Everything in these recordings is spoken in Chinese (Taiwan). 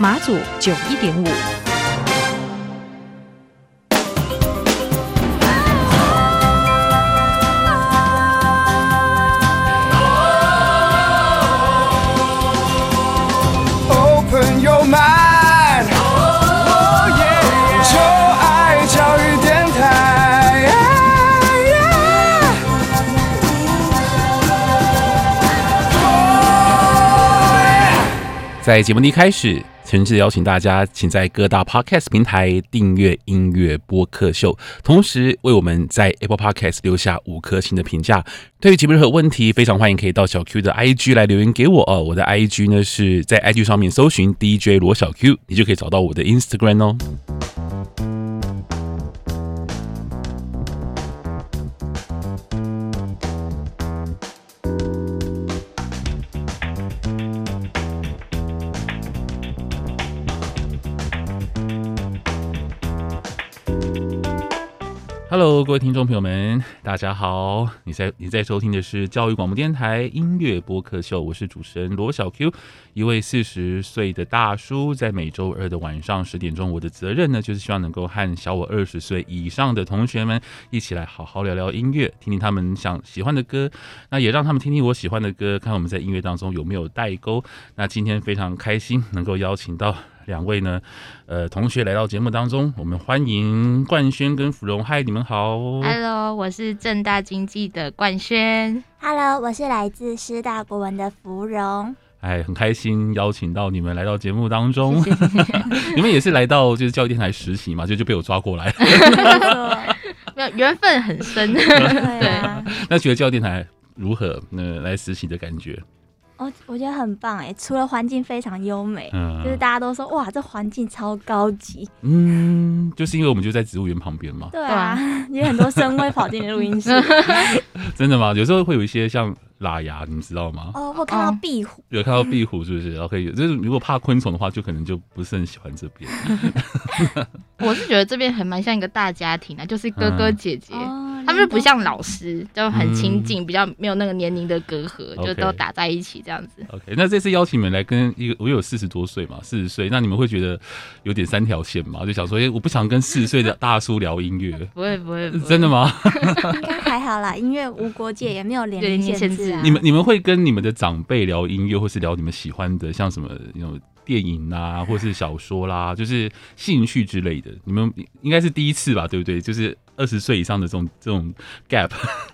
馬祖九一點五，在節目的一開始。誠摯的邀請大家，請在各大 Podcast 平台訂閱音樂播客秀，同時為我們在 Apple Podcast 留下五顆星的評價。對於節目任何問題，非常歡迎可以到小 Q 的 IG 來留言給我哦。我的 IG 呢是在 IG 上面搜尋 DJ 羅小 Q，你就可以找到我的 Instagram 哦。Hello，各位聽眾朋友們，大家好！你在你在收聽的是教育廣播電台音樂播客秀，我是主持人羅小 Q，一位四十歲的大叔，在每周二的晚上十點鐘，我的責任呢就是希望能夠和小我二十歲以上的同學們一起來好好聊聊音樂，聽聽他們想喜歡的歌，那也讓他們聽聽我喜歡的歌，看我們在音樂當中有沒有代溝。那今天非常開心能夠邀請到。兩位呢，呃，同學來到節目當中，我們歡迎冠瑄跟芙戎。嗨，你們好。Hello，我是政大經濟的冠瑄。Hello，我是來自師大國文的芙戎。哎，很開心邀請到你們來到節目當中。是是是是 你們也是來到就是教育電台實習嘛，就就被我抓過來了， 沒有緣分很深 對、啊。對 那覺得教育電台如何？那、呃、來實習的感覺？我、oh, 我覺得很棒哎，除了環境非常優美、嗯，就是大家都說哇，這環境超高級。嗯，就是因為我們就在植物園旁邊嘛。對啊，有 很多生物跑進錄音室。 真的嗎？有時候會有一些像喇牙，你們知道嗎？哦，會看到壁虎。Oh. 有看到壁虎，是不是？然後可以，就是如果怕昆蟲的話，就可能就不是很喜歡這邊。 我是覺得這邊還蠻像一個大家庭啊，就是哥哥姐姐。Oh. 他們不像老師，就很親近、嗯，比較沒有那個年齡的隔閡，okay, 就都打在一起這樣子。OK，那這次邀請你們來跟一個，我有四十多歲嘛，四十歲，那你們會覺得有點三條線嗎？就想說，哎、欸，我不想跟四十歲的大叔聊音樂。不會不會，真的嗎？ 應該還好啦，音樂無國界，也沒有年齡限制。你們你們會跟你們的長輩聊音樂，或是聊你們喜歡的，像什麼那種？電影啦、啊，或是小說啦，就是興趣之類的。你們應該是第一次吧，對不對？就是二十歲以上的這種這種 gap，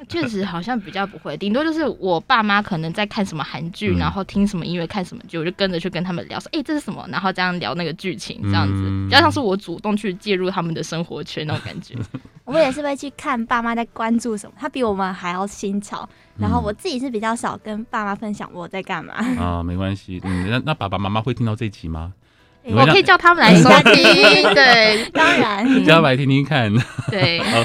確實好像比較不會。頂多就是我爸媽可能在看什麼韓劇、嗯，然後聽什麼音樂，看什麼劇，我就跟着去跟他們聊說，說、欸、哎這是什麼，然後這樣聊那個劇情，這樣子、嗯、比較像是我主動去介入他們的生活圈那種感覺。我們也是會去看爸媽在關注什麼，他比我們還要新潮。然後我自己是比較少跟爸媽分享我在幹嘛、嗯、啊，沒關係，嗯，那那爸爸媽媽會聽到這一集嗎？欸？我可以叫他們來聽聽， 對，當然，叫他們來聽聽看，對，而、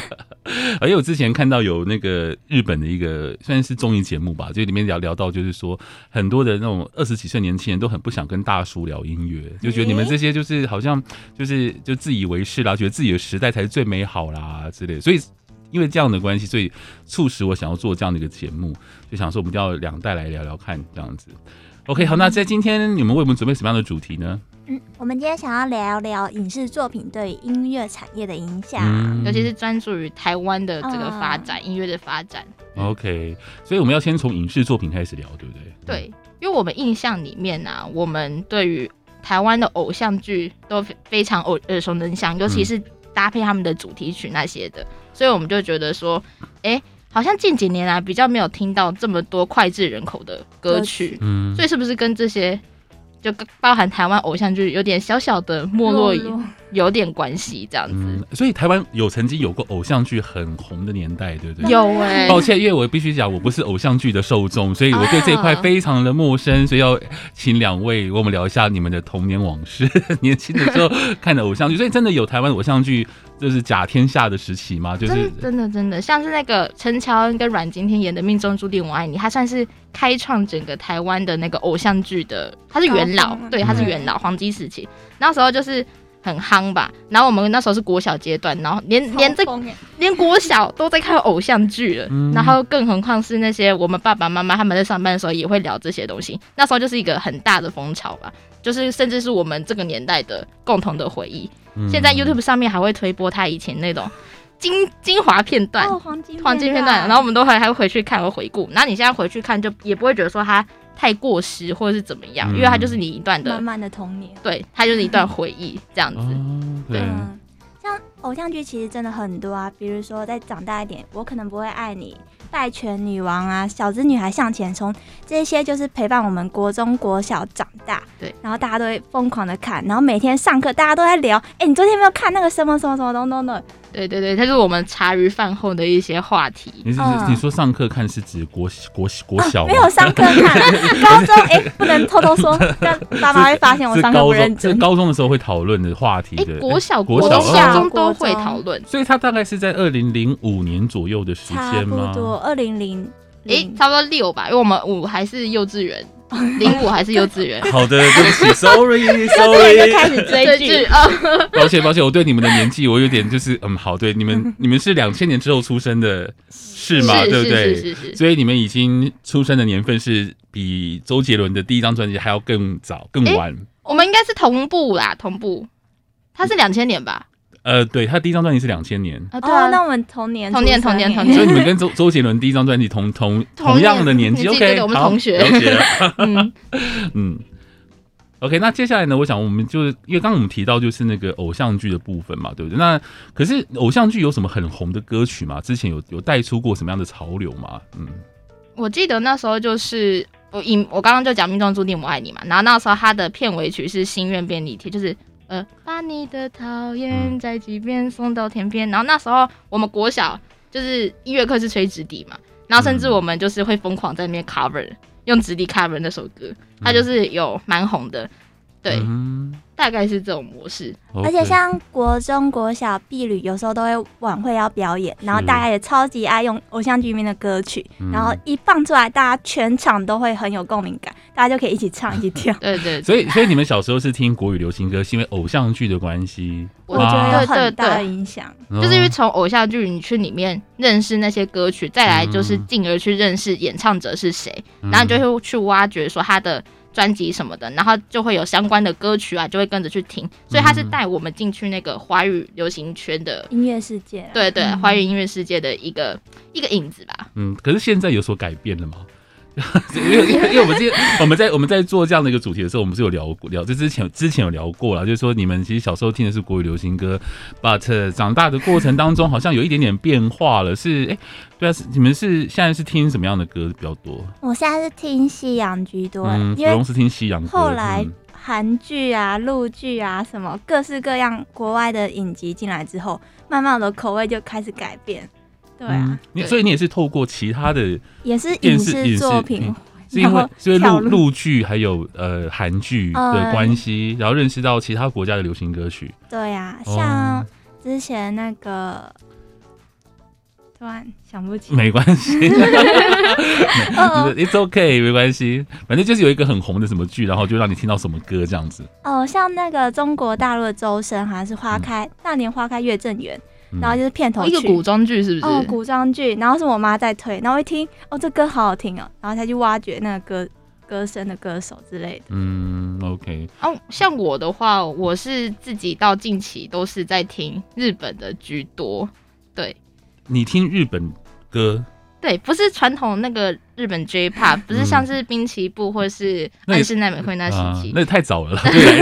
哦、且我之前看到有那個日本的一個算是綜藝節目吧，就裡面聊聊到就是說很多的那種二十幾歲年輕人都很不想跟大叔聊音樂，就覺得你們這些就是好像就是就自以為是啦，覺得自己的時代才是最美好啦之類，所以。因為這樣的關係，所以促使我想要做這樣的一個節目，就想說，我們就要兩代來聊聊看，這樣子。OK，好，那在今天你們為我們準備什麼樣的主題呢？嗯，我們今天想要聊聊影視作品對音樂產業的影響、嗯，尤其是專注於台灣的這個發展，哦、音樂的發展。OK，所以我們要先從影視作品開始聊，對不對？嗯、對，因為我們印象裡面呢、啊，我們對於台灣的偶像劇都非常耳熟能詳，尤其是搭配他們的主題曲那些的。所以我們就覺得說，哎，好像近幾年來、啊、比較沒有聽到這麼多膾炙人口的歌曲，曲、嗯，所以是不是跟這些就包含台灣偶像劇有點小小的沒落？肉肉有點關係這樣子，嗯、所以台灣有曾經有過偶像劇很紅的年代，對不對？有哎、欸，抱歉，因為我必須講，我不是偶像劇的受眾，所以我對這一塊非常的陌生，啊、所以要請兩位為我們聊一下你們的童年往事，年輕的時候看的偶像劇。 所以真的有台灣偶像劇，就是甲天下的時期嗎？就是真的,真的真的，像是那個陳喬恩跟阮經天演的《命中注定我愛你》，他算是開創整個台灣的那個偶像劇的，他是元老，啊、對，他是元老、嗯、黃金時期，那時候就是。很夯吧，然後我們那時候是國小階段，然後連連這連國小都在看偶像劇了、嗯，然後更何況是那些我們爸爸媽媽他們在上班的時候也會聊這些東西，那時候就是一個很大的風潮吧，就是甚至是我們這個年代的共同的回憶。嗯、現在 YouTube 上面還會推播他以前那種精精華片段、哦、黃金片段、黃金片段，然後我們都還還會回去看，和回顧。然後你現在回去看就也不會覺得說他太過時或者是怎麼樣，嗯、因為它就是你一段的慢慢的童年，對，它就是一段回憶這樣子，嗯、對、嗯。像偶像劇其實真的很多啊，比如說再長大一點，我可能不會愛你、敗犬女王啊、小資女孩向前衝，這些就是陪伴我們國中、國小長大，對，然後大家都會瘋狂的看，然後每天上課大家都在聊，哎、欸，你昨天沒有看那個什麼什麼什麼東東的？都都都都對對對，它是我們茶餘飯後的一些話題。嗯、你是你說上課看是指國國國小、啊？沒有上課看、啊， 高中哎，不能偷偷說，讓爸媽會發現我上課不認真。高中，高中的時候會討論的話題的，國小、國小、高中，高中都會討論。所以他大概是在二零零五年左右的時間嗎？差不多二零零哎，差不多六吧，因為我們五還是幼稚園。零五還是幼稚園？ 好的，對不起，sorry，sorry。現 Sorry, Sorry 開始追劇啊、哦！抱歉抱歉，我對你們的年紀，我有點就是嗯，好對，你們你們是兩千年之後出生的 是嗎是？對不對？所以你們已經出生的年份是比周杰倫的第一張專輯還要更早更晚、欸。我們應該是同步啦，同步，他是兩千年吧？嗯呃，對他第一張專輯是兩千年啊、哦，對啊，那我們同年，年同年同年同年，所以你們跟周周杰倫第一張專輯同同同樣的年紀，OK，我們同學，OK, 了了 嗯， 嗯 o、okay, k 那接下來呢，我想我們就是因為剛剛我們提到就是那個偶像劇的部分嘛，對不對？那可是偶像劇有什麼很紅的歌曲嗎？之前有有帶出過什麼樣的潮流嗎？嗯，我記得那時候就是我以我剛剛就講命中注定我愛你嘛，然後那時候他的片尾曲是心願便利貼，就是。呃，把你的討厭宅急便送到天邊，嗯。然後那時候我們國小就是音樂課是吹直笛嘛，然後甚至我們就是會瘋狂在那邊 cover，用直笛 cover 那首歌，它就是有蠻紅的。對、嗯，大概是這種模式。而且像國中、國小畢業，有時候都會晚會要表演，然後大家也超級愛用偶像劇裡面的歌曲，然後一放出來，大家全場都會很有共鳴感、嗯，大家就可以一起唱、一起跳。對對、對。所以，所以你們小時候是聽國語流行歌，是因為偶像劇的關係？我覺得有很大的影響，就是因為從偶像劇你去裡面認識那些歌曲，哦、再來就是進而去認識演唱者是誰、嗯，然後你就會去挖掘說他的。專輯什麼的，然後就會有相關的歌曲啊，就會跟着去聽，所以他是帶我們進去那個華語流行圈的音樂世界啊。對對啊，嗯，華語音樂世界的一個一個影子吧。嗯，可是現在有所改變了嗎？因 為，因為我們今天我們在我們在做這樣的一個主題的時候，我們是有聊聊這之前，之前有聊過了，就是說你們其實小時候聽的是國語流行歌，but 長大的過程當中好像有一點點變化了，是哎、欸、對啊，是你們是現在是聽什麼樣的歌比較多？我現在是聽西洋居多，嗯，主要是聽西洋。後來韓劇啊、陸劇啊什麼各式各樣國外的影集進來之後，慢慢我的口味就開始改變。對啊，嗯、你所以你也是透過其他的電也是影視作品，嗯、是因為是因陸陸劇，還有呃韓劇的關係、呃，然後認識到其他國家的流行歌曲。嗯、對呀、啊，像之前那個突然、哦、想不起，沒關係 ，it's OK，沒關係，反正就是有一個很紅的什麼劇，然後就讓你聽到什麼歌這樣子。哦、呃，像那個中國大陸的周深好像是《花開》，嗯，那年花開月正圓。然後就是片頭、哦、一個古裝劇，是不是？哦，古裝劇。然後是我媽在推，然後一聽，哦，這歌好好聽哦，然後她就挖掘那個歌歌聲的歌手之類的。嗯，OK。哦，像我的話，我是自己到近期都是在聽日本的居多。對，你聽日本歌？對，不是傳統那個日本 J-Pop，、嗯、不是像是濱崎步或是安室奈美惠那時期、啊。那也太早了對，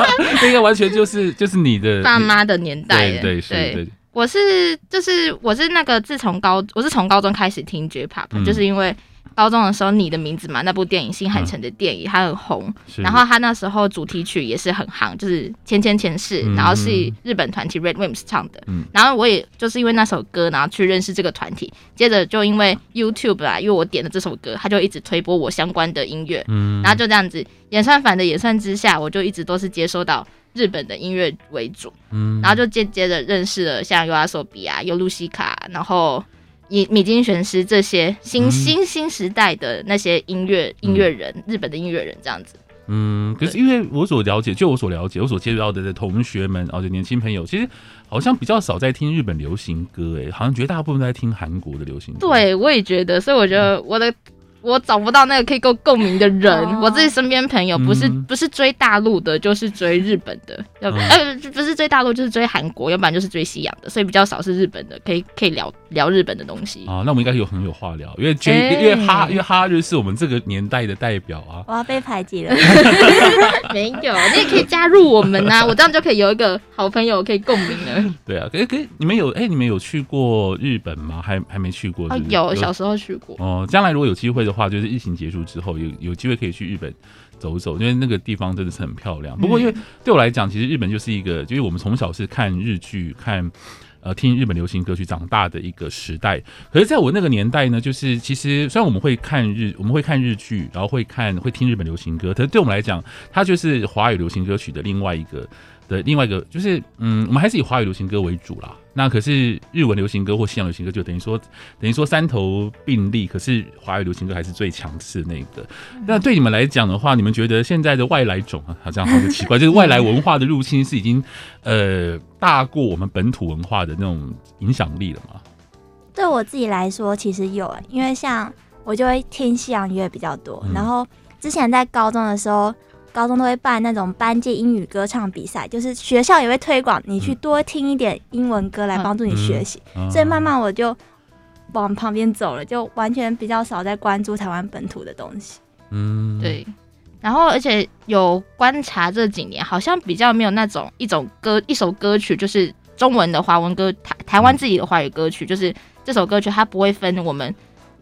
那應該完全就是就是你的爸媽的年代對對對。對是對對我是就是我是那個自從高我是從高中開始聽 J-Pop，、嗯、就是因為高中的時候你的名字嘛，那部電影新海誠的電影、啊、它很紅，然後他那時候主題曲也是很夯，就是前前前世、嗯，然後是日本團體 RADWIMPS 唱的、嗯，然後我也就是因為那首歌，然後去認識這個團體，接着就因為 YouTube 啊，因為我點了這首歌，他就一直推播我相關的音樂、嗯，然後就這樣子演算反的演算之下，我就一直都是接收到。日本的音樂為主，嗯，然後就間接的認識了像尤阿索比啊、尤露西卡，然後以米津玄師這些新、嗯、新新時代的那些音樂音樂人、嗯，日本的音樂人這樣子。嗯，可是因為我所了解，就我所了解，我所接觸到的同學們，然、啊、後就年輕朋友，其實好像比較少在聽日本流行歌，哎，好像絕大部分在聽韓國的流行歌。對，我也覺得，所以我覺得我的。嗯我找不到那個可以夠共鳴的人、哦。我自己身邊朋友不是、嗯、不是追大陸的，就是追日本的。要、嗯、不，哎、欸，不是追大陸就是追韓國，要不然就是追西洋的，所以比較少是日本的，可以可以聊聊日本的東西啊。那我們應該有很有話聊，因為、欸、因為哈因為哈日是我們這個年代的代表啊。我要被排擠了。 沒有，你也可以加入我們啊！我這樣就可以有一個好朋友可以共鳴了、欸。對啊，可以可以。你們有哎、欸，你們有去過日本嗎？還還沒去過是不是？有，小時候去過。哦、呃，將來如果有機會的話，話就是疫情結束之後有有機會可以去日本走走，因為那個地方真的是很漂亮。不過因為，對我來講，其實日本就是一個，因為我們從小是看日劇、看呃聽日本流行歌曲長大的一個時代。可是，在我那個年代呢，就是其實雖然我們會看日我們會看日劇，然後會看會聽日本流行歌，可是對我們來講，它就是華語流行歌曲的另外一個。對，另外一個就是，嗯，我們還是以華語流行歌為主啦。那可是日文流行歌或西洋流行歌，就等於說等於說三頭並立。可是華語流行歌還是最強勢的那一個，嗯。那對你們來講的話，你們覺得現在的外來種啊，好像好奇、奇怪， 就是外來文化的入侵是已經呃大過我們本土文化的那種影響力了嗎？對我自己來說，其實有，因為像我就會聽西洋音樂比較多，嗯。然後之前在高中的時候。高中都會辦那種班際英語歌唱比賽，就是學校也會推廣你去多聽一點英文歌來幫助你學習。嗯嗯嗯，所以慢慢我就往旁邊走了，就完全比較少在關注台灣本土的東西。嗯，對。然後而且有觀察這幾年，好像比較沒有那種一種歌、一首歌曲，就是中文的華文歌，台、台灣自己的華語歌曲，就是這首歌曲它不會分我們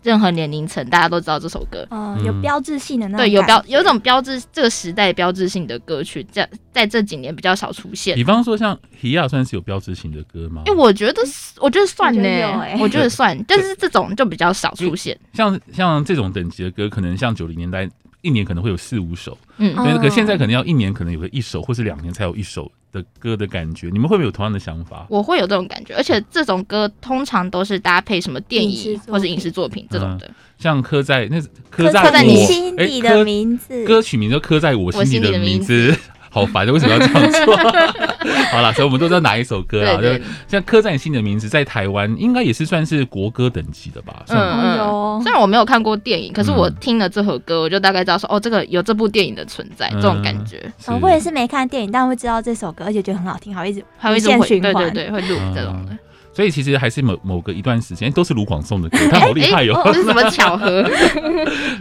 任何年齡層，大家都知道這首歌，有標誌性的那對，有標有一種標誌這個時代標誌性的歌曲，在在這幾年比較少出現。比方說，像《Hea》算是有標誌性的歌嗎？因、欸、為我覺得，我覺得算呢、欸，我覺得算， 但是這種就比較少出現。像像這種等級的歌，可能像九零年代，一年可能會有四五首，嗯，嗯可是現在可能要一年可能有個一首，或是兩年才有一首，的歌的感覺，你們會不會有同樣的想法？我會有這種感覺，而且這種歌通常都是搭配什麼電影或者影視作品這種的，嗯，像刻在那刻在，在你心裡的名字，欸，歌曲名就刻在我心裡的名字。好煩的，為什麼要這樣說？ 好啦，所以我們都知道哪一首歌啊。對對對，就像刻在你心底的名字，在台灣應該也是算是國歌等級的吧算？嗯，雖然我沒有看過電影，可是我聽了這首歌，嗯、我就大概知道說，哦，這個有這部電影的存在，嗯、這種感覺。我也、哦、是沒看電影，但會知道這首歌，而且覺得很好聽，好一直，好一直會，對對對，會錄這種的。嗯所以其實還是某某個一段時間、欸、都是盧廣仲的歌，欸、他好厲害喲、喔欸！是什麼巧合？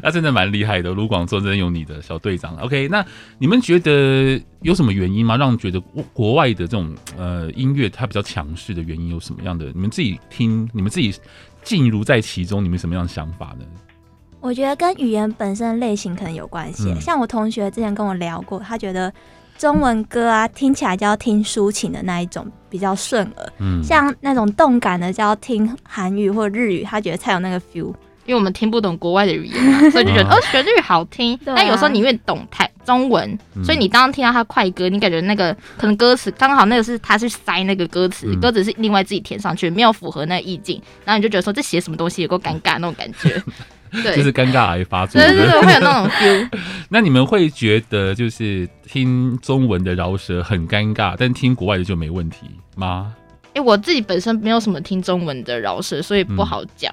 他真的蠻厲害的。盧廣仲真的有你的小隊長。OK，那你們覺得有什麼原因嗎？讓覺得國外的這種呃音樂它比較強勢的原因有什麼樣的？你們自己聽，你們自己進入在其中，你們什麼樣的想法呢？我覺得跟語言本身的類型可能有關係、嗯。像我同學之前跟我聊過，他覺得。中文歌啊，聽起來就要聽抒情的那一種比較順耳，嗯，像那種動感的就要聽韓語或者日語，他覺得才有那個 feel。因為我們聽不懂國外的語言， 所以就覺得哦，旋律好聽， 啊。但有時候你越懂台中文，所以你當聽到他快歌，你感覺那個可能歌詞剛好那個是他去塞那個歌詞，歌，嗯、詞是另外自己填上去，沒有符合那個意境，然後你就覺得說這寫什麼東西也夠尷尬的那種感覺。 就是尷尬癌發作，對對對，會有那種 feel。 那你們會覺得就是聽中文的饒舌很尷尬，但聽國外的就沒問題嗎？哎、欸，我自己本身沒有什麼聽中文的饒舌，所以不好講、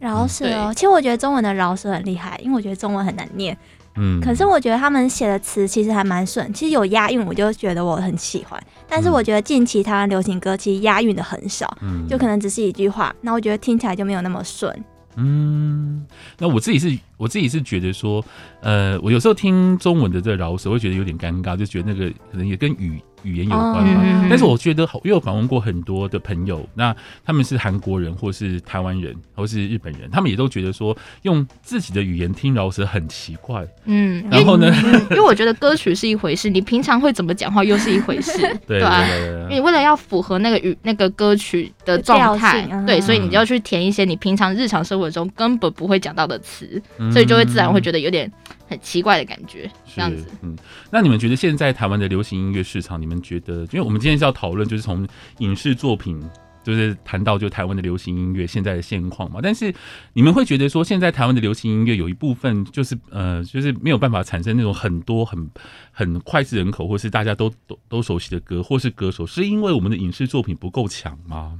嗯、饒舌哦、喔。其實我覺得中文的饒舌很厲害，因為我覺得中文很難念。嗯，可是我覺得他們寫的詞其實還蠻順，其實有押韻我就覺得我很喜歡。但是我覺得近期台灣流行歌其實押韻的很少、嗯，就可能只是一句話，那我覺得聽起來就沒有那麼順。嗯，那我自己是。我自己是覺得說，呃，我有時候聽中文的這饒舌我會覺得有點尷尬，就覺得那個可能也跟語語言有關嘛、哦嗯。但是我覺得，好，因為我訪問過很多的朋友，那他們是韓國人，或是台灣人，或是日本人，他們也都覺得說，用自己的語言聽饒舌很奇怪。嗯，然後呢，因為， 因為我覺得歌曲是一回事，你平常會怎麼講話又是一回事， 對吧？你為，為了要符合那個語那個歌曲的狀態、啊，對，所以你就要去填一些你平常日常生活中根本不會講到的詞。嗯所以就會自然會覺得有點很奇怪的感覺，這樣子。嗯，那你們覺得現在台灣的流行音樂市場，你們覺得，因為我們今天是要討論，就是從影視作品，就是談到就台灣的流行音樂現在的現況嘛。但是你們會覺得說，現在台灣的流行音樂有一部分就是呃，就是沒有辦法產生那種很多很很膾炙人口或是大家都都都熟悉的歌或是歌手，是因為我們的影視作品不夠強嗎？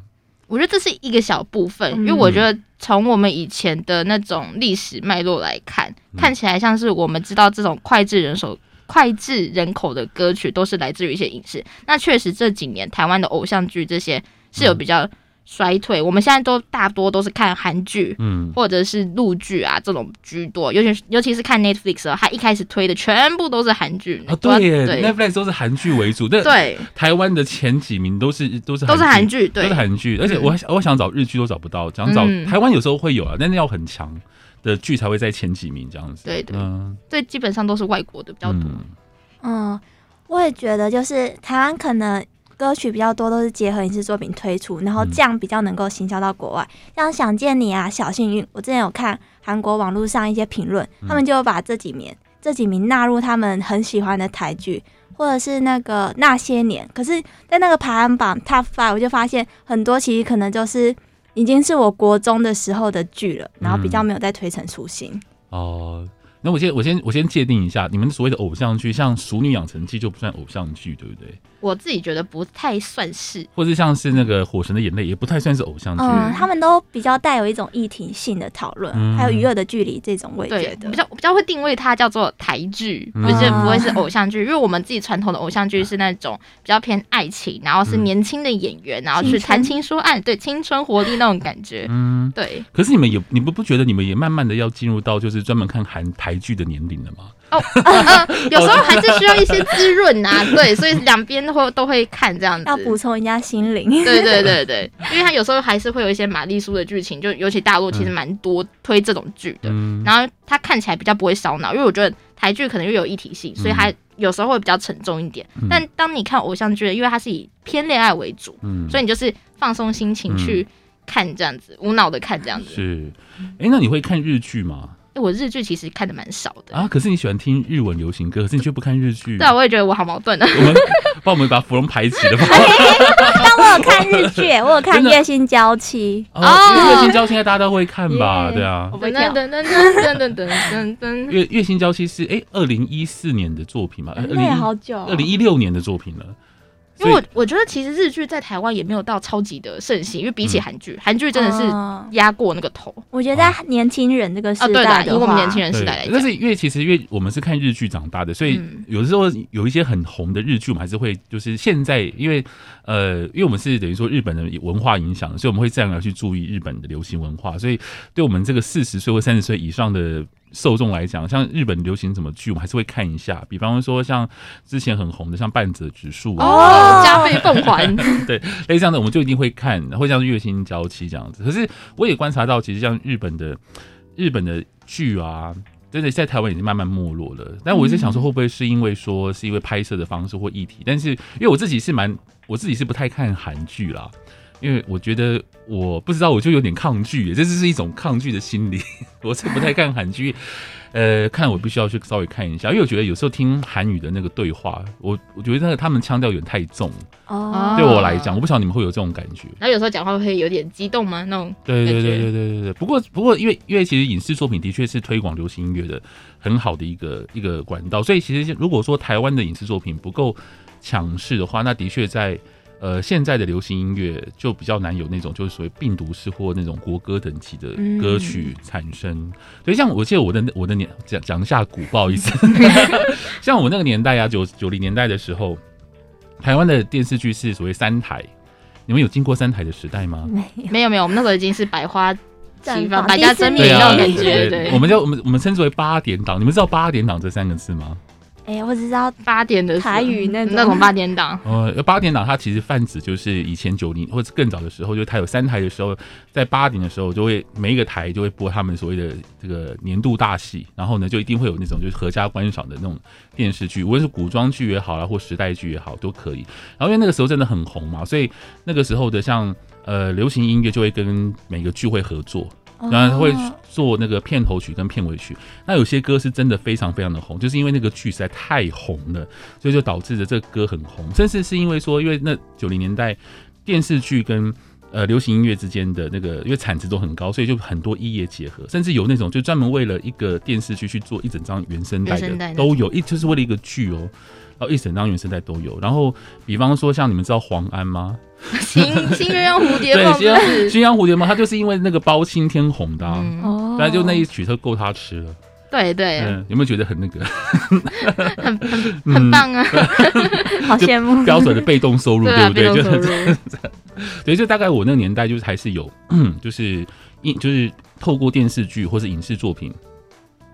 我覺得這是一個小部分，嗯、因為我覺得從我們以前的那種歷史脈絡來看，看起來像是我們知道這種膾炙人手、膾炙人口的歌曲都是來自於一些影視。那確實這幾年台灣的偶像劇這些是有比較。衰退，我們現在都大多都是看韓劇，嗯，或者是陸劇啊這種居多，尤其是尤其是看 Netflix 哦、啊，它一開始推的全部都是韓劇啊，對，對 Netflix 都是韓劇為主，但對，對台灣的前幾名都是都是都是韓劇，對都是韓劇，而且我我想找日劇都找不到，想找、嗯、台灣有時候會有啊，但是要很強的劇才會在前幾名這樣子，對對，嗯，對，基本上都是外國的比較多，嗯，嗯我也覺得就是台灣可能。歌曲比較多都是結合影視作品推出，然後這樣比較能夠行銷到國外。嗯。像《想見你》啊，《小幸運》，我之前有看韓國網絡上一些評論、嗯，他們就把這幾年、這幾名納入他們很喜歡的台劇，或者是那個《那些年》。可是，在那個排行榜 top five、嗯，我就發現很多其實可能就是已經是我國中的時候的劇了，然後比較沒有再推陳出新。哦，嗯、呃，那我先我先我先界定一下，你們所謂的偶像劇，像《熟女養成記》就不算偶像劇，對不對？我自己覺得不太算是，或是像是那個《火神的眼淚》也不太算是偶像劇，嗯，他們都比較帶有一種議題性的討論、嗯，還有娛樂的距離這種，我也覺得比較比較會定位它叫做台劇、嗯，不是不會是偶像劇、嗯，因為我們自己傳統的偶像劇是那種比較偏愛情，然後是年輕的演員，嗯、然後是談情說愛，對青春活力那種感覺，嗯，對。可是你們也你們不覺得你們也慢慢的要進入到就是專門看韓台劇的年齡了嗎？ 哦、呃，有時候還是需要一些滋潤啊， 對，所以兩邊都會都會看這樣子，要補充人家心靈。 對對對對，因為他有時候還是會有一些瑪麗蘇的劇情，就尤其大陸其實蠻多推這種劇的、嗯，然後它看起來比較不會燒腦，因為我覺得台劇可能又有一體性，所以它有時候會比較沉重一點。嗯、但當你看偶像劇，因為它是以偏戀愛為主、嗯，所以你就是放鬆心情去看這樣子，嗯、無腦的看這樣子。是，哎、欸，那你會看日劇嗎？我日劇其實看的蠻少的啊，可是你喜歡聽日文流行歌，可是你卻不看日劇。對啊，我也覺得我好矛盾啊。幫我,我們把芙戎排擠了吧。但、 欸、我有看日劇， 我有看《月薪嬌妻》。哦， 《月薪嬌妻》應該大家都會看吧？Yeah, 對啊。等等等等等等等等，月月薪嬌妻》是、欸、哎，二零一四年的作品嗎，二零二零一六年的作品了。因為我，我覺得其實日劇在台灣也沒有到超級的盛行，因為比起韓劇，韓劇、嗯、真的是壓過那個頭。嗯、我覺得年輕人這個時代的話，如果、啊、年輕人時代、的、啊、對對對，我們年輕人時代來講，但是因為其實因為我們是看日劇長大的，所以有的時候有一些很紅的日劇，我們還是會就是現在，因為呃，因為我們是等於說日本的文化影響，所以我們會自然而然去注意日本的流行文化，所以對我們這個四十歲或三十歲以上的，受眾來講，像日本流行什麼劇，我們還是會看一下。比方說，像之前很紅的，像《半澤直樹》哦，《加倍奉還。》 對，哎，這樣子我們就一定會看，會像《月薪嬌妻》這樣子。可是我也觀察到，其實像日本的日本的劇啊，真的在台灣已經慢慢沒落了。但我一直想說，會不會是因為說是因為拍攝的方式或議題？嗯、但是因為我自己是蠻，我自己是不太看韓劇啦。因為我覺得我不知道，我就有點抗拒，這就是一種抗拒的心理。我是不太看韓劇，呃，看我必須要去稍微看一下，因為我覺得有時候聽韓語的那個對話，我我覺得他們腔調有點太重，哦、對我來講，我不曉得你們會有這種感覺。那有時候講話會有點激動嗎？那種？對對對對對對對。不過不過，因為因為其實影視作品的確是推廣流行音樂的很好的一個一個管道，所以其實如果說台灣的影視作品不夠強勢的話，那的確在。呃，現在的流行音樂就比較難有那種，就是所謂病毒式或那種國歌等級的歌曲產生。所、嗯、以，像我記得我的我的年，講講一下古報一次。 像我那個年代啊，九九零年代的時候，台灣的電視劇是所謂三台。你們有經過三台的時代嗎？沒有沒有，我們那個已經是百花齊放、百家爭鳴的感覺 對對對。我們叫我們我們稱之為八點檔。你們知道“八點檔”這三個字嗎？哎、欸，我只知道八點的時候台語那種、嗯、那種八點檔、嗯。呃，八點檔它其實泛指就是以前九零或者更早的時候，就它有三台的時候，在八點的時候就會每一個台就會播他們所謂的這個年度大戲，然後呢就一定會有那種就是合家觀賞的那種電視劇，無論是古裝劇也好啦，或時代劇也好都可以。然後因為那個時候真的很紅嘛，所以那個時候的像呃流行音樂就會跟每個劇合作。然後他會做那個片頭曲跟片尾曲。那有些歌是真的非常非常的紅，就是因為那個劇實在太紅了，所以就導致的這個歌很紅。甚至是因為說，因為那九零年代電視劇跟呃流行音樂之間的那個，因為產值都很高，所以就很多異業結合。甚至有那種就專門為了一個電視劇去做一整張原聲帶的，都有，一就是為了一個劇哦、喔。一整張原聲帶都有。然後，比方說，像你們知道黃安嗎？新新鴛鴦蝴蝶夢是不是，對，新新鴛鴦蝴蝶夢？他就是因為那個包青天紅的，啊。哦、嗯，但就那一曲，它夠他吃了。對對，對、嗯，有沒有覺得很那個？很很棒啊！嗯、好羨慕。標準的被動收入，對、啊、對不對？就被動收入。對，就大概我那個年代，就是還是有，就是一就是透過電視劇或是影視作品。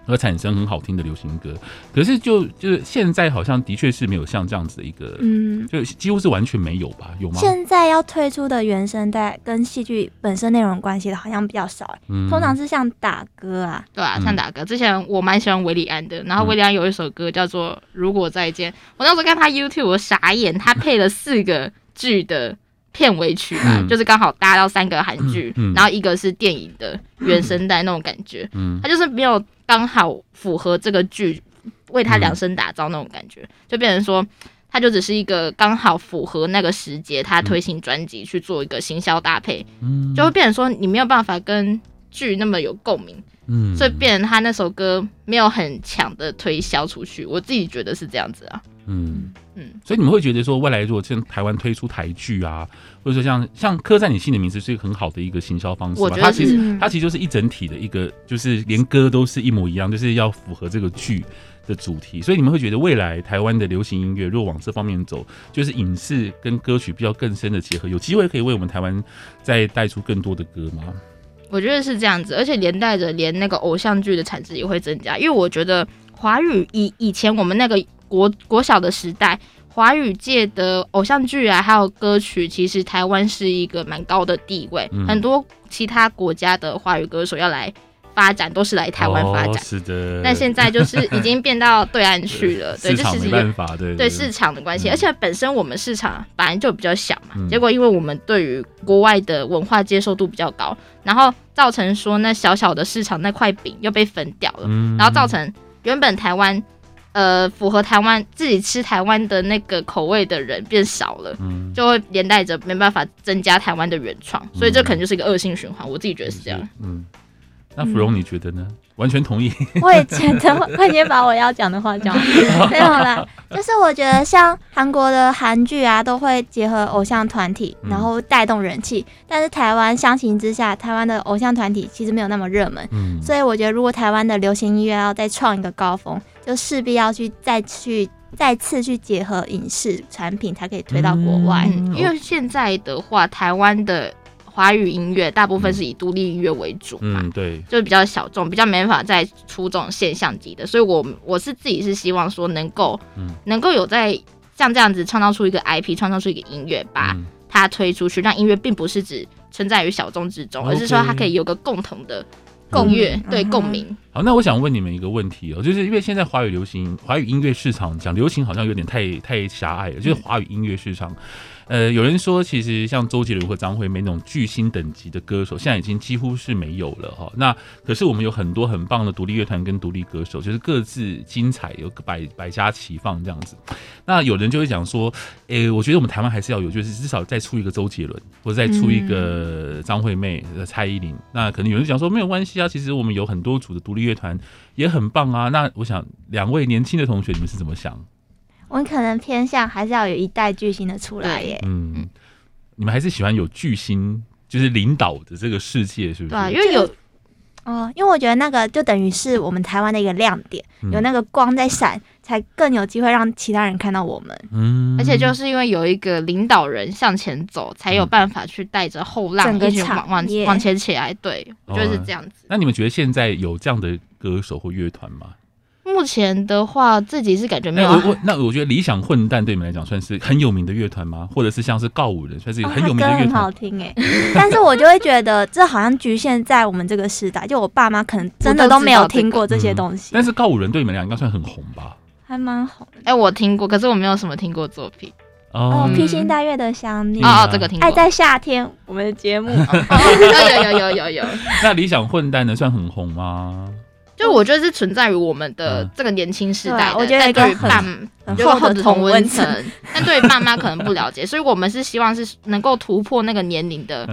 而產生很好聽的流行歌，可是就就是現在好像的確是沒有像這樣子的一個，嗯，就幾乎是完全沒有吧，有嗎？現在要推出的原聲帶跟戲劇本身內容關係的，好像比較少，欸嗯，通常是像打歌啊，對啊，像打歌。之前我蠻喜歡韋禮安的，然後韋禮安有一首歌叫做《如果再見》，嗯，我當時看他 YouTube 我傻眼，他配了四個劇的。嗯片尾曲嘛、嗯，就是剛好搭到三個韓劇、嗯嗯，然後一個是電影的原聲帶那種感覺，它、嗯、就是沒有剛好符合這個劇為他量身打造那種感覺，嗯、就變成說它就只是一個剛好符合那個時節，他推行專輯去做一個行銷搭配，嗯、就會變成說你沒有辦法跟劇那麼有共鳴、嗯，所以變成他那首歌沒有很強的推銷出去，我自己覺得是這樣子啊。嗯嗯，所以你們會覺得說，未來如果像台灣推出台劇啊，或者說像像刻在你心底的名字，是一個很好的一個行銷方式吧？我覺得它其實它其實就是一整體的一個，就是連歌都是一模一樣，就是要符合這個劇的主題。所以你們會覺得未來台灣的流行音樂如果往這方面走，就是影視跟歌曲比較更深的結合，有機會可以為我們台灣再帶出更多的歌嗎？我覺得是這樣子，而且連帶着連那個偶像劇的產值也會增加，因為我覺得華語以以前我們那個。國國小的時代，華語界的偶像劇啊，還有歌曲，其實台灣是一個蠻高的地位、嗯。很多其他國家的華語歌手要來發展，都是來台灣發展、哦。是的。但現在就是已經變到對岸去了。 對，這其實有，對，對，對市場的關係、嗯，而且本身我們市場本來就比較小嘛。嗯、結果因為我們對於國外的文化接受度比較高，然後造成說那小小的市場那塊餅又被分掉了、嗯，然後造成原本台灣。呃，符合台灣自己吃台灣的那個口味的人變少了、嗯,就會連帶着沒辦法增加台灣的原創、嗯，所以這可能就是一個惡性循環。我自己覺得是這樣。嗯，嗯，那芙戎你覺得呢、嗯？完全同意。我也覺得，快 點把我要講的話講完，沒有啦，就是我覺得像韓國的韓劇啊，都會結合偶像團體，然後帶動人氣、嗯。但是台灣相形之下，台灣的偶像團體其實沒有那麼熱門、嗯。所以我覺得如果台灣的流行音樂要再創一個高峰，就勢必要去再去再次去結合影視產品，才可以推到國外，嗯嗯嗯。因為現在的話，台灣的華語音樂大部分是以獨立音樂為主嘛，嗯嗯，對，就比較小眾，比較沒法再出這種現象級的。所以我我是自己是希望說能夠，嗯、能夠有在像這樣子創造出一個 IP，創造出一個音樂，把它推出去。但，嗯、音樂並不是只存在於小眾之中，而是說它可以有個共同的。共樂對,對,、Uh-huh. 對共鳴。好，那我想問你們一個問題哦，就是因為現在華語流行、華語音樂市場講流行好像有點太太狹隘了，就是華語音樂市場。嗯嗯呃，有人說，其實像周杰倫和張惠妹那種巨星等級的歌手，現在已經幾乎是沒有了哈。那可是我們有很多很棒的獨立樂團跟獨立歌手，就是各自精彩，有百百家齊放這樣子。那有人就會講說，誒、欸，我覺得我們台灣還是要有，就是至少再出一個周杰倫，或者再出一個張惠妹，嗯、蔡依林。那可能有人講說，沒有關係啊，其實我們有很多組的獨立樂團也很棒啊。那我想，兩位年輕的同學，你們是怎麼想？我們可能偏向還是要有一代巨星的出來耶。嗯，你們還是喜歡有巨星就是領導的這個世界，是不是？對，因為有哦，因為我覺得那個就等於是我們台灣的一個亮點，嗯、有那個光在閃，才更有機會讓其他人看到我們。嗯，而且就是因為有一個領導人向前走，才有辦法去帶着後浪跟、嗯、往往前往前起來。對、嗯，就是這樣子。那你們覺得現在有這樣的歌手或樂團嗎？目前的話，自己是感覺沒有、欸我我。那我覺得理想混蛋對你們來講算是很有名的樂團嗎？或者是像是告五人算是很有名的樂團？哦、歌很好聽哎、欸， 但是我就會覺得這好像局限在我們這個時代。 就我爸媽可能真的都沒有聽過這些東西。這個嗯、但是告五人對你們倆應該算很紅吧？還蠻紅。哎、欸，我聽過，可是我沒有什麼聽過作品。嗯、哦，披星戴月的想你、嗯。哦，哦這個聽過。愛在夏天， 我們的節目、哦。 哦、有，有有有有有有。那理想混蛋呢？算很紅嗎？我覺得是存在於我們的這個年輕時代的，在對於爸就不同溫層，但對於爸媽、嗯嗯、可能不了解， 所以我們是希望是能夠突破那個年齡的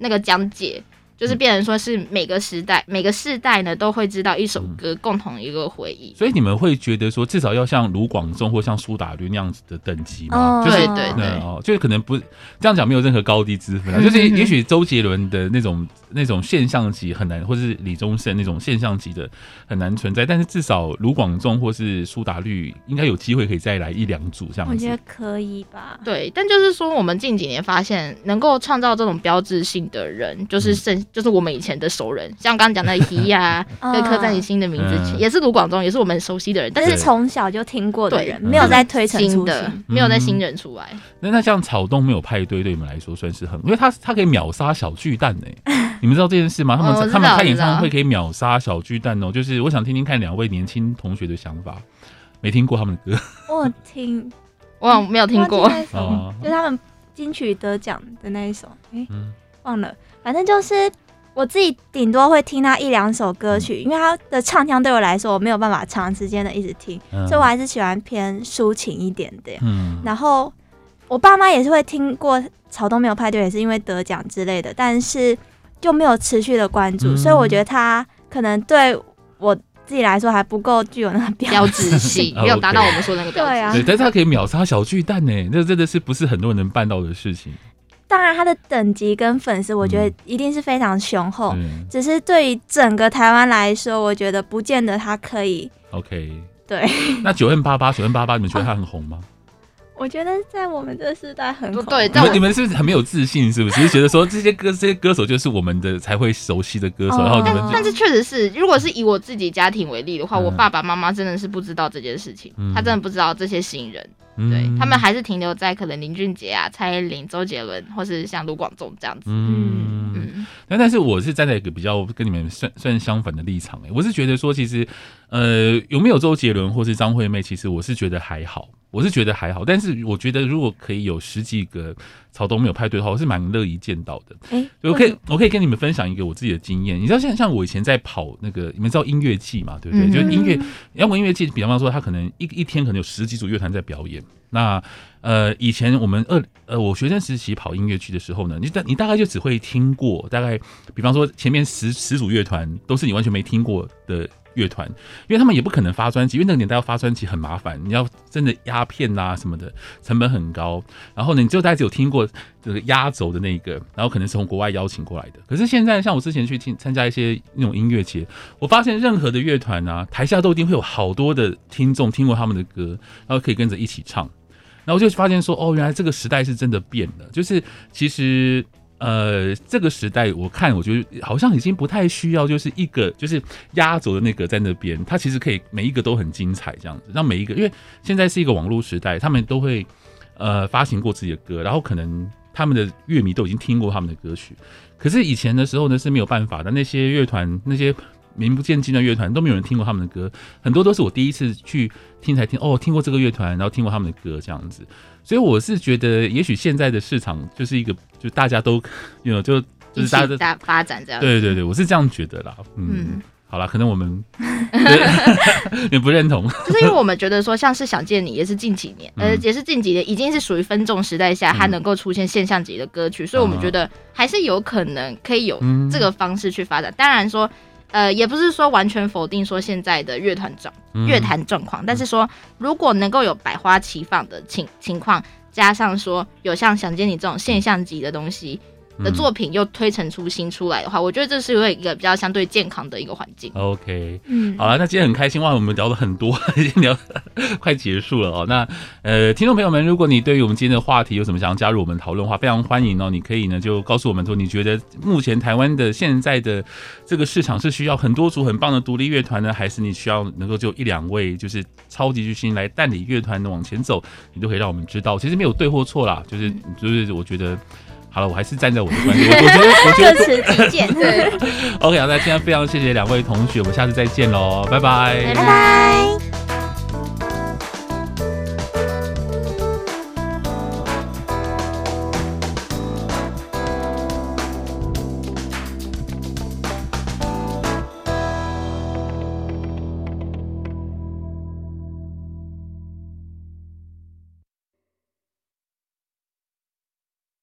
那個講解。嗯就是變成說，是每個時代、嗯、每個世代呢，都會知道一首歌、嗯，共同一個回憶。所以你們會覺得說，至少要像盧廣仲或像蘇打綠那樣子的等級嗎？就是對哦，就是對對對、嗯、就可能不這樣講，沒有任何高低之分、啊嗯。就是也許周杰倫的那種那種現象級很難，或是李宗盛那種現象級的很難存在。但是至少盧廣仲或是蘇打綠應該有機會可以再來一兩組這樣子。我覺得可以吧。對，但就是說，我們近幾年發現，能夠創造這種標誌性的人，就是盛。嗯就是我們以前的熟人，像我剛講的 He 呀、啊，以刻在你心的名字曲、嗯，也是盧廣仲，也是我們很熟悉的人。但是從小就聽過的人，沒有再推新、嗯、新的，沒有再新人出來。那、嗯、那像草東沒有派對，對你們來說算是很，因為他他可以秒殺小巨蛋呢、欸嗯。你們知道這件事嗎？他們、嗯、他們開演唱會可以秒殺小巨蛋哦、喔。就是我想聽聽看兩位年輕同學的想法，沒聽過他們的歌。我聽，我沒有聽過，嗯嗯、就他們金曲得獎的那一首，哎、欸嗯，忘了。反正就是我自己頂多會聽他一兩首歌曲、嗯，因為他的唱腔對我來說，我沒有辦法長時間的一直聽、嗯，所以我還是喜歡偏抒情一點的。嗯，然後我爸媽也是會聽過《草東沒有派對》，也是因為得獎之類的，但是就沒有持續的關注、嗯，所以我覺得他可能對我自己來說還不夠具有那個標誌性，嗯、 沒有達到我們說的那個啊、okay、對，對啊對。但是他可以秒殺小巨蛋呢，那真的是不是很多人能辦到的事情？當然，他的等級跟粉絲，我覺得一定是非常雄厚。嗯，只是對於整個台灣來說，我覺得不見得他可以。OK. 對。那 9m88，9m88，你們覺得他很紅嗎？我，我覺得在我們這個時代很紅。對，你們是不是很沒有自信，是不是？只 是覺得說這些歌，這些歌手就是我們的才會熟悉的歌手。 然後，但但是確實是，如果是以我自己家庭為例的話，嗯，我爸爸媽媽真的是不知道這件事情、嗯，他真的不知道這些新人。對，他們還是停留在可能林俊傑啊、蔡依林、周杰倫，或是像盧廣仲這樣子。嗯嗯。但但是我是站在一個比較跟你們算算相反的立場哎、欸，我是覺得說其實，呃，有沒有周杰倫或是張惠妹，其實我是覺得還好，我是覺得還好。但是我覺得如果可以有十幾個草東沒有派對的話，我是蠻樂意見到的。嗯、欸，所以我可以我可以跟你們分享一個我自己的經驗，你知道像像我以前在跑那個你們知道音樂祭嘛，對不對？就、嗯、音樂，要我音樂祭，比方說他可能一一天可能有十幾組樂團在表演。那，呃，以前我們二呃，我學生時期跑音樂劇的時候呢，你大你大概就只會聽過，大概比方說前面十十組樂團都是你完全沒聽過的，樂團，因為他們也不可能發專輯，因為那個年代要發專輯很麻煩，你要真的壓片啊什麼的，成本很高。然後呢，你就大家有聽過這個壓軸的那個，然後可能是從國外邀請過來的。可是現在，像我之前去聽參加一些那種音樂節，我發現任何的樂團啊，台下都一定會有好多的聽眾聽過他們的歌，然後可以跟着一起唱。然後我就發現說，哦，原來這個時代是真的變了，就是其實。呃，這個時代我看，我覺得好像已經不太需要，就是一個就是壓軸的那個在那邊，他其實可以每一個都很精彩這樣子，讓每一個，因為現在是一個網絡時代，他們都會呃發行過自己的歌，然後可能他們的樂迷都已經聽過他們的歌曲，可是以前的時候呢是沒有辦法的，那些樂團那些。名不見經的樂團都沒有人聽過他們的歌，很多都是我第一次去聽才聽哦，聽過這個樂團，然後聽過他們的歌這樣子，所以我是覺得，也許現在的市場就是一個，就大家都有 you know, 就就是大家發展這樣，對對對，我是這樣覺得啦，嗯，嗯好啦可能我們也 不認同，就是因為我們覺得說像是想見你也是近幾年、嗯，呃，也是近幾年已經是屬於分眾時代下，它能夠出現現現象級的歌曲、嗯，所以我們覺得還是有可能可以有這個方式去發展，嗯、當然說。呃，也不是說完全否定說現在的樂團狀樂壇狀況，但是說如果能夠有百花齊放的情情況，加上說有像想見你這種現象級的東西。的作品又推陳出新出來的話，嗯，我覺得這是一個比較相對健康的一個環境。OK，嗯，好了，那今天很開心，哇，我們聊了很多，已經聊呵呵快結束了哦、喔。那呃，聽眾朋友們，如果你對於我們今天的話題有什麼想要加入我們討論的話，非常歡迎哦、喔。你可以呢就告訴我們說，你覺得目前台灣的現在的這個市場是需要很多組很棒的獨立樂團呢，還是你需要能夠就一兩位就是超級巨星來帶領樂團往前走？你都可以讓我們知道。其實沒有對或錯啦，就是就是我覺得。好了，我還是站在我的觀點， 我覺得，我覺得，我就此再見。 OK，啊，那今天非常謝謝兩位同學，我們下次再見嘍，拜拜，拜拜。Bye bye